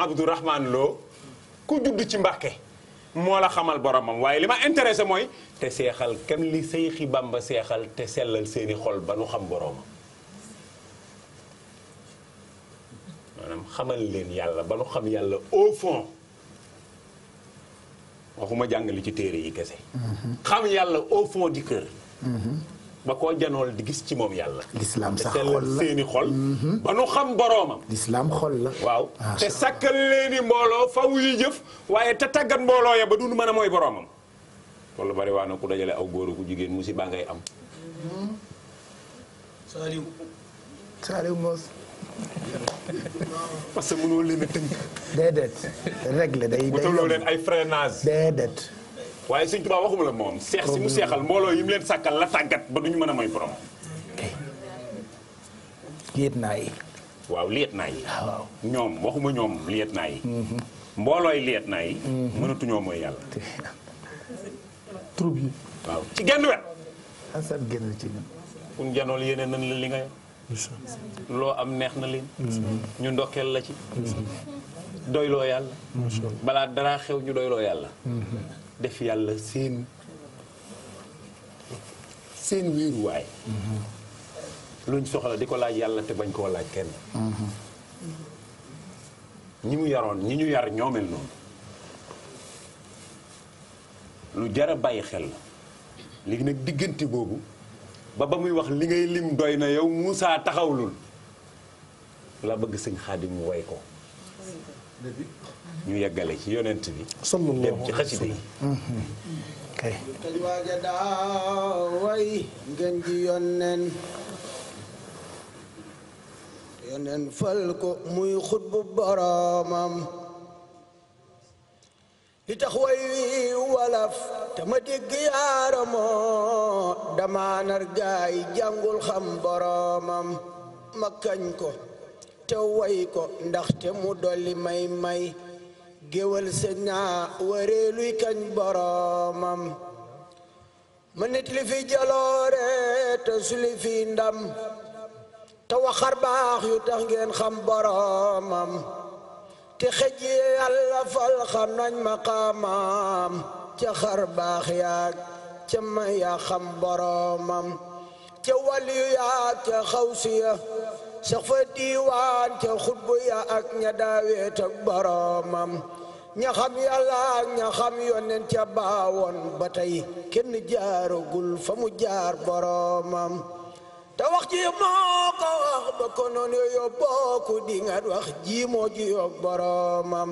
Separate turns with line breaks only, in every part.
Abdourahman loo ku judd ci Mbàkke moo la xamal boromam waaye li ma intéressé mooy te seexal kem li seyxi ba seexal te sellal seeni xol ba nu xam boromam maanaam xamal leen yàlla ba nu xam yàlla au fond waxuma jàng li ci téere yi kese mm-hmm. xam yàlla au fond du cœur mm-hmm. ba koo janool di gis ci moom yàlla.
lislaam sax xol seeni
xol. Mhm. ba nu xam boroomam. lislaam xol la. waaw te sàkkal leeni mbooloo faw yi jëf waaye te tàggat mbooloo ya ba du nu a mooy boroomam. loolu bari waa na ku dajale aw góor ku jigéen musiba ngay am. Mhm. Saliou. Saliou Mos. parce que mënoo leen a tënk.
déedéet. règle day day wutaloo leen
ay freinage. déedéet. waaye sëñ Tuubaa waxuma la moom seex si mu seexal mbooloo yi mu leen sàkkal la tàggat ba duñu mën a mooy borom liet naa yi waaw liet naa yi ñoom waxuma ñoom liet naa yi mhm. mboolooy liet naa yi mhm. mënatuñoo mooy yàlla troupe yi waaw ci genn génn ci ñun yeneen la li nga loo am neex na leen ñu ndokkeel la ci doyloo yàlla balaa dara xew ñu doyloo yàlla mhm. def yàlla seen seen wéeruwaay luñ soxla di ko laaj yàlla te bañ koo laaj kenn ñi mu yaroon ñi ñu yar ñoomel noonu lu jara bàyyi xel la léegi nag diggante boobu ba ba muy wax li ngay lim doy na yow musaa taxawlul la bëgg sëñ Xaadim mu way ko ñu yeggale ci yonent bi dem ci xasida yi kay
waaja daa ngeen ji yonen yonen fal ko muy xutbu boromam li tax way walaf te ma dégg yaaramoo dama nar gaay jàngul xam boromam ma kañ ko tawayko ndaxte mu doli may may géwal sëñ naa luy kañ boromam ma li fi jaloore to suli fi ndam te waxar baax yu tax ngeen xam boromam te xëj yàlla fal xam nañ maqaamam ca xar bax ya ci ma ya xam boromam ci waliyu ya ci xawsiya sax fa diiwaan ca xutbu ya ak ña daaweet boroomam ña xam yàlla yonen ca baawoon ba tey kenn jaaragul fa mu jaar boroomam te wax ji moo ko wax ba konoon yooyu boroomam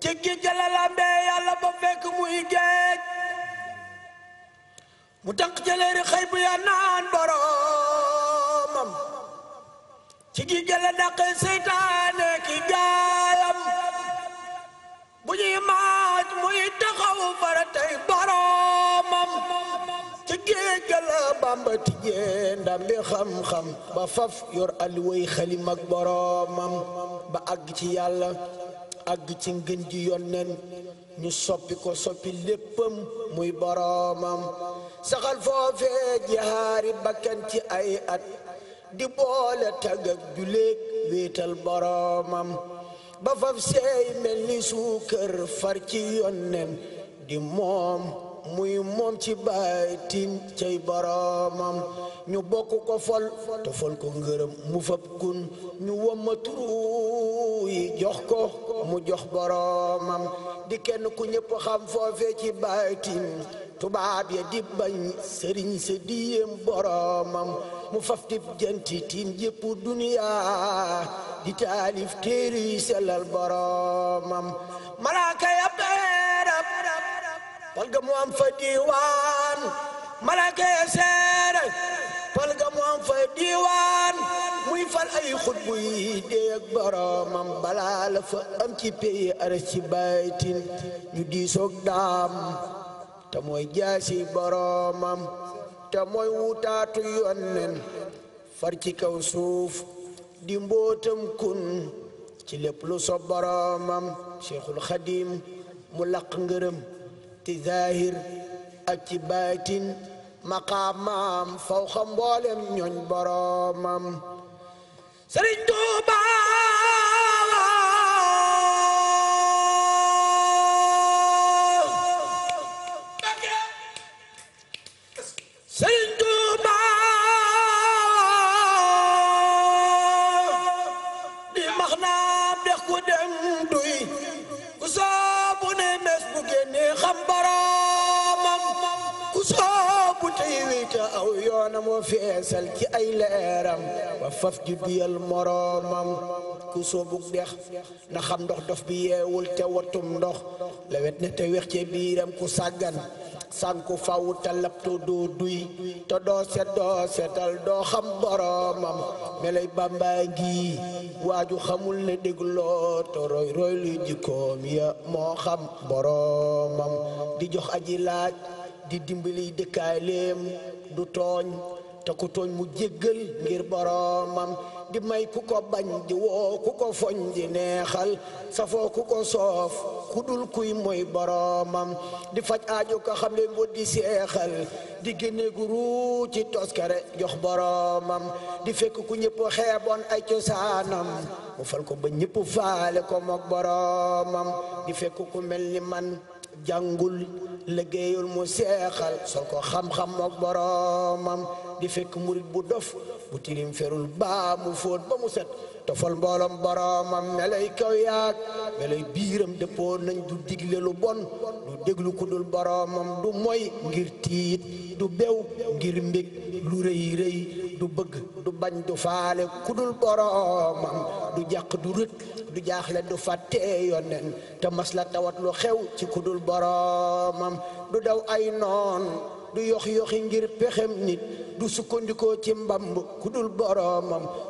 ci gi jëla lambee yàlla ba fekk muy géej mu tànq jëleeri xëy ya naan boroom ci gi jële dàq seytaane ki gaayam bu ñuy maaj muy taxaw fara tey boroomam ci géej ga la bàmba tijjee ndam bi xam-xam ba faf yor alluway xalim ak boroomam ba àgg ci yàlla àgg ci ngën ji yónneen ñu soppi ko soppi léppam muy boroomam saxal foofee jihaari bakkan ci ay at di boole tagak juleeg wiital boroomam ba faf seey mel ni suukër far ci yonnem di moom muy moom ci baatin cay boroomam ñu bokk ko fol te ko ngërëm mu fab kun ñu wamma turu yi jox ko mu jox boroomam di kenn ku ñëpp xam foofe ci baatin tubaab ya di bañ sëriñ sa boroomam mu faf tib janti tiim jëpp duniyaa di taalif téere yi sellal boromam malaaka yab teerab pal ga mu am fa diiwaan malaaka ya seere pal ga mu am fa diiwaan muy fal ay xutbu yi dee ak boromam fa am ci peyi aras ci baytin ñu diisoog daam te mooy jaasi boromam te mooy wutaatu yonnen far ci kaw suuf di mbootam kun ci lépp lu so boroomam cheikhul xadim mu laq ngërëm ci zahir ak ci baatin maqaamaam faw xam mboolem ñooñ boroomam sëriñ Tuubaa faf di biyal moroomam ku soobug dex na xam ndox dof bi yeewul te watum ndox lewet na te wex ci biiram ku sàggan sànku faw te laptu du duy te doo set doo setal doo xam moroomam melay bàmbaa ngi waaju xamul na dégloo te roy roy luy jikkoom ya moo xam boroomam di jox aji laaj di dimbali dëkkaaleem du tooñ te ku tooñ mu jéggal ngir boroomam di may ku ko bañ di woo ku ko foñ di neexal safoo ku ko soof ku dul kuy mooy boroomam di faj aajo ko xam le mbot di seexal di génne guru ci toskare jox boroomam di fekk ku ñëpp xeeboon ay cosaanam mu fal ko ba ñépp faale ko mook boroomam di fekk ku mel ni man jàngul liggéeyul mu seexal sol ko xam-xam ak boroomam di fekk murit bu dof bu tilim ferul baa mu fóot ba mu set tofal mbooloom boroomam melay kaw yaag biiram dëppoo nañ du digle lu bon du déglu ku dul boroomam du moy ngir tiit du bew ngir mbég lu rëy rëy du bëgg du bañ du faale ku dul du jàq du rët du jaaxle du fàtte yonen te mas la tawat lu xew ci kudul boroomam du daw ay noon du yox yoxi ngir pexem nit du sukkandikoo ci mbamb ku dul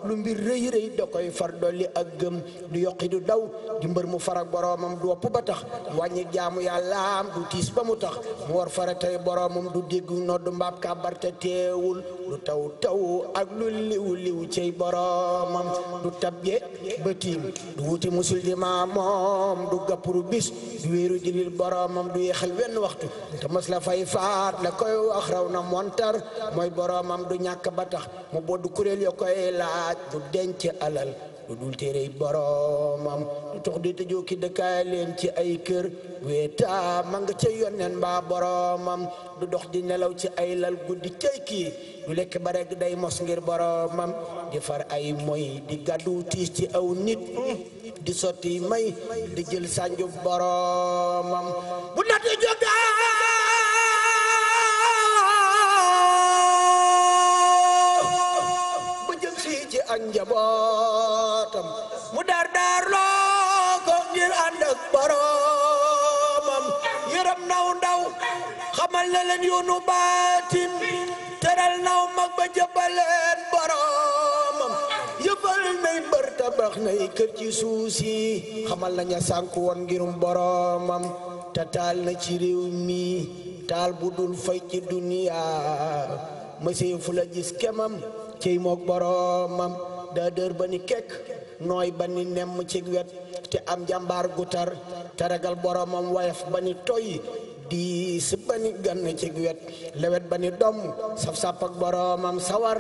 lu mbir rëy rëy da koy far dolli ak gëm du yoqi du daw di mbër mu farak boroomam du wopp ba tax wàññi jaamu yàllaam du tiis ba mu tax mu war faratay boroomam du dégg nodd mbaab kàbbar te teewul lu taw taw ak lu liw liw cey boromam du tabye bëtiim du wuti musul di maamoom du gappuru bis du wéeru jilil boromam du yeexal wenn waxtu te mas la fay faat la koy wax raw na montar mooy boromam du ñàkk ba tax mu bodd kuréel yo koy laaj du denc alal lu dul téerey boroomam du tax di tëjoo dëkkaay leen ci ay kër weetaa ma nga ca yonneen boroomam du dox di nelaw ci ay lal guddi cay kii du lekk ba rek day mos ngir boroomam di far ay moy di gàddu tiis ci aw nit di sotti may di jël sànjub boroomam bu nati jógaa ba jël fii ci ak njaboot njabootam mu dar dar ko ngir ànd ak boroomam yërëm naw ndaw xamal na leen yoonu baatin teral naw mag ba jëppaleen boroomam yëfal nay mbër tabax nay kër ci suus yi xamal na ña woon ngirum boroomam te taal na ci réew mi taal bu dul fay ci duniya mësee fu la gis kemam cey mook boroomam daa ba ni kekk nooy ba ni nemm ci wet te am jàmbaar gu tar te ragal boromam woyof ba ni toy diis ba ni gann ci wet lewet ba ne domm saf-sàpp ak sawar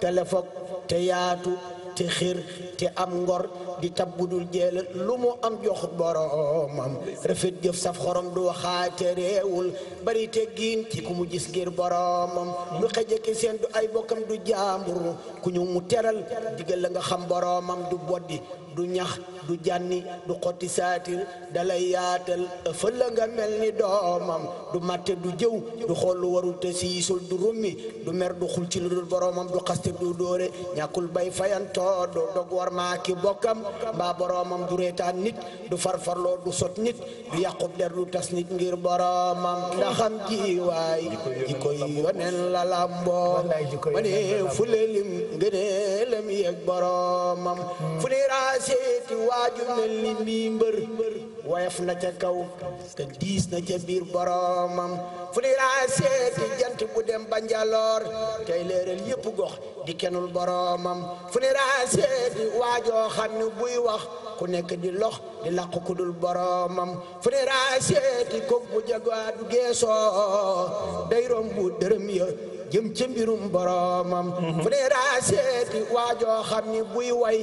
te lefoog te yaatu te xir te am ngor di tab budul jéel lu mu am jox boromam rafet jëf saf xorom du waxaate réewul bari teggiin ci ku mu gis ngir boromam lu xejeki seen du ay bokkam du jaambur ku ñu mu teral digal la nga xam boromam du boddi du ñax du jànni du xotti saatir dalay yaatal ëffël la nga mel ni doomam du màtte du jëw du xool lu warul te siisul du rummi du mer du xul ci lu dul boromam du xaste du dóore ñàkkul bay fayantoo dog war maa bokkam ba boromam du reetaan nit du farfarloo du sot nit du yàqub der du tas nit ngir boromam ndaxam ji waay jikko yi yoneen la lamboo ma ne fu le lim ngëneelam yeeg boromam fu ne raaseeti waaju mel ni mii mbër woyof na ca kaw te diis na ca biir boromam fu ne raaseeti jant bu dem ba njaloor tey leeral yëpp gox di kenul boromam fu ne raaseeti waajoo xam ni buy wax ku nekk di lox di làq ku dul boromam fu ne raaseeti kof bu jagaat geesoo day romb dërëm ya jëm ci mbirum fu ne raaseeti waajoo xam ni buy way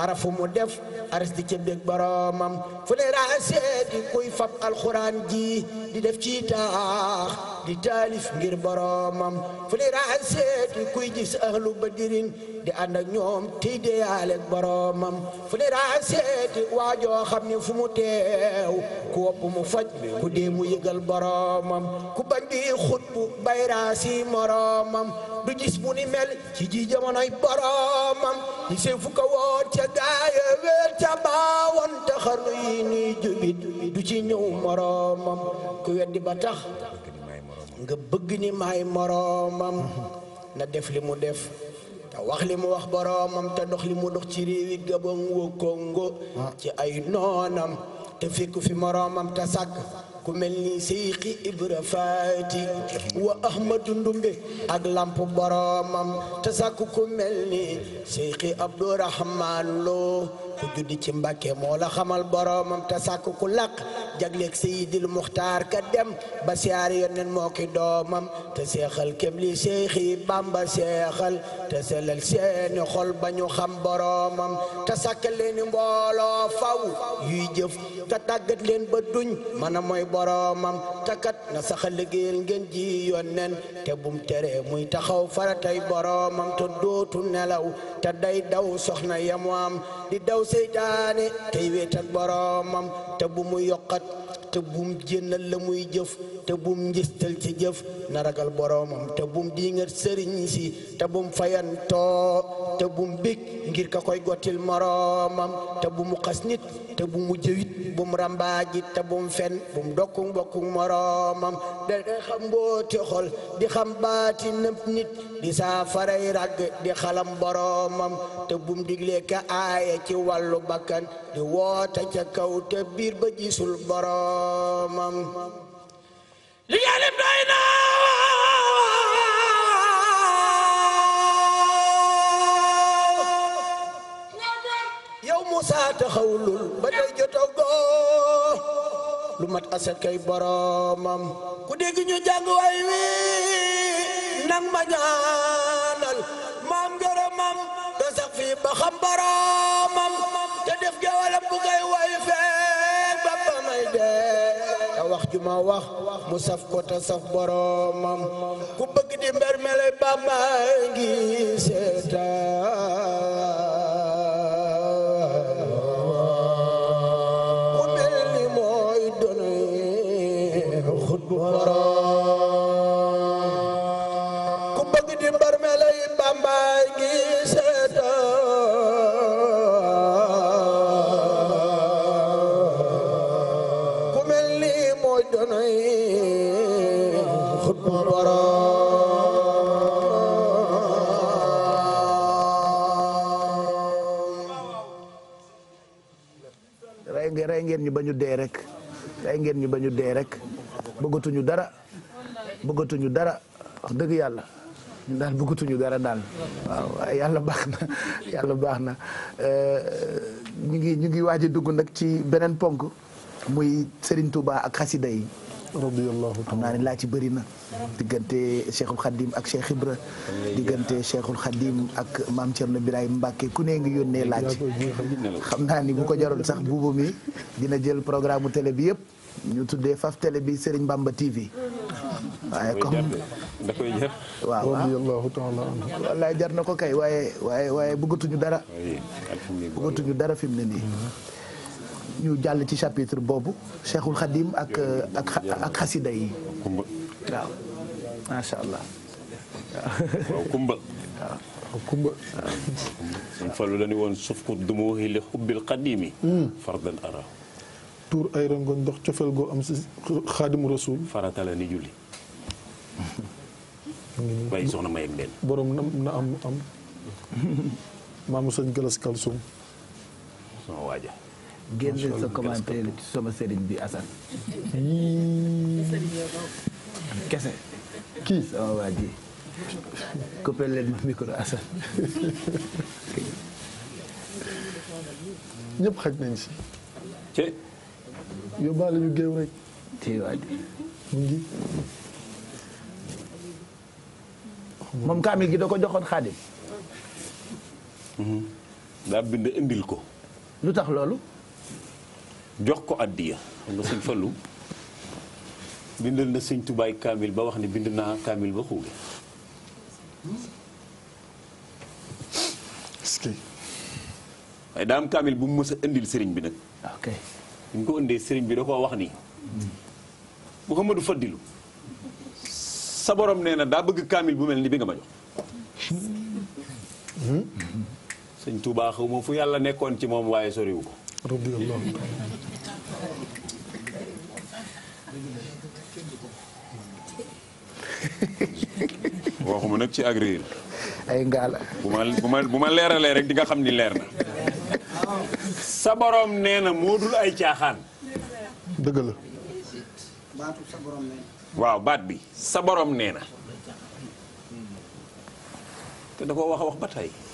arafu mu def aras di ca bég boromam fu ne raaseeti kuy fab alxuraan ji di def ci taax di taalif ngir boroomam fu li raaseeti kuy gis ahlu badirin di ànd ak ñoom tey deyaaleeg boroomam fu li raaseeti waajoo xam ne fu mu teew ku wopp mu faj ku dee mu yëgal boroomam ku bañ di xutbu bay raasi moroomam du gis bu ni mel ci ji jamonoy boroomam di sey fu ko woon ca gaaya wéer ca baawoon taxarnu yi nuy jubit du ci ñëw moroomam ku weddi ba tax nga bëgg ni maay moroomam na def li mu def te wax li mu wax boroomam te dox li mu dox ci réewi Gabon wo Congo ah. ci ay noonam te fekk fi moroomam te sàkk ku mel ni seyxi ibra faati wa ahmadu ndumbe ak lamp boromam te sàkku ku mel ni seyxi abdourahman loo ku juddi ci mbake moo la xamal boromam te sakk ku làq jagleeg sayidil muxtaar ka dem ba siyaar yonen moo ki doomam te seexal kem li seyxi bamba seexal te selal seeni xol ba ñu xam boromam te sàkkal leen mbooloo faw yuy jëf te tàggat leen ba duñ mën a boromam takat na saxal liggéeyal ngeen ji yonen te bum tere muy taxaw faratay boromam to dootu nelaw ta day daw soxna yamwam di daw seytane tey wetak boromam te bu mu yokkat te bum jénnal la muy jëf te bum njëstal ci jëf na ragal boroomam te bum diingat sëriñ si te bum fayantoo te bum bég ngir ka koy gotil moroomam te bumu xas nit te bumu jëwit bum rambaajit te bum fen bum dokkung bokkung moroomam da xam xol di xam baati nëpp nit di saafaray ragg di xalam boroomam te bum digle ka aaya ci wàllu bakkan di woota ca kaw te biir ba gisul boroom boromam li nga lépp doy na yow Moussa taxawlul ba tey jotagoo lu mat asakay boromam ku dégg ñu jàng way wi nang ma ñaanal maam ngërëmam da sax fii ba xam borom ma wax mu saf ko te saf boromam ku bëgg di mber mele Bamba ngi seetaan ñu ba ñu dee rek ay ngeen ñu ba ñu dee rek bëggatuñu dara bëggatuñu dara wax dëgg yàlla ñu daal bëggatuñu dara daal waaw yàlla baax na
yàlla baax na euh, ñu ngi ñu ngi waaj a dugg nag ci beneen ponk
muy sëriñ tubaa ak xasida yi radiyallahu xam naa laa ci bëri na diggante Cheikhul Khadim ak Cheikh Ibra diggante Cheikhul Khadim ak maam Thierno Birahim Mbacke ku ne ngi yónnee laaj xam naa ni bu ko jaroon sax buuba dina jël
programme mu télé bi yëpp ñu tuddee faf tele bi sëriñ Bamba TV
waaye comme jar na ko kay waaye waaye waaye
bëggatuñu dara bëggatuñu dara fi mu ne nii mm-hmm. ñu jàll ci chapitre boobu Cheikhul Khadim ak ak xasida yi waaw macha allah waaw kumba waaw kumba suñ falu la ni woon sufku dumuuhi li xubbil qadimi hmm. fardan ara tuur ay rangoñ ndox cofel goo am si xaadimu rasul farata la ni na am maamu sëñ galas kalsum génneel sa commentaire sama seriñ bi Assane. kese. kii sama waa ji. coupé leen ma micro Assane. ñëpp xaj nañ si. te. yóbbaale ñu géew rek. te waa ji. mu moom kaamil gi da ko joxoon xaadim. Mhm. daa bind indil ko. lu tax loolu. jox ko addiya xam nga sëñ Fallu bindal na sëñ tubaay kaamil ba wax ne bind naa kaamil ba xuuge waaye daa am kaamil bu mu mës a indil sëriñ bi nag bu ñu ko indee sëriñ bi da koo wax nii Muhammadu Fadilu sa borom nee na daa bëgg kaamil bu mel ni bi nga ma jox sëñ Tuubaa xaw ma fu yàlla nekkoon ci moom waaye soriwu ko waxuma nag ci agri ay ngaala bu ma bu ma leeralee rek di nga xam ni leer na. sa boroom nee na moo dul ay caaxaan. dëgg waaw baat bi sa boroom nee na. te dafa wax wax ba tey.